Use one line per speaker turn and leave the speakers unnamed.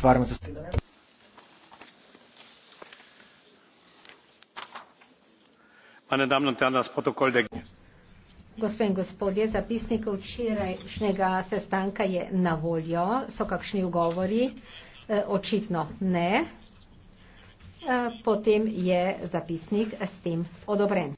Отварям за стена.
Gospe in gospodje, zapisnik včerajšnjega sestanka je na voljo. So kakšni ugovori? E, očitno ne. E, potem je zapisnik s tem odobren.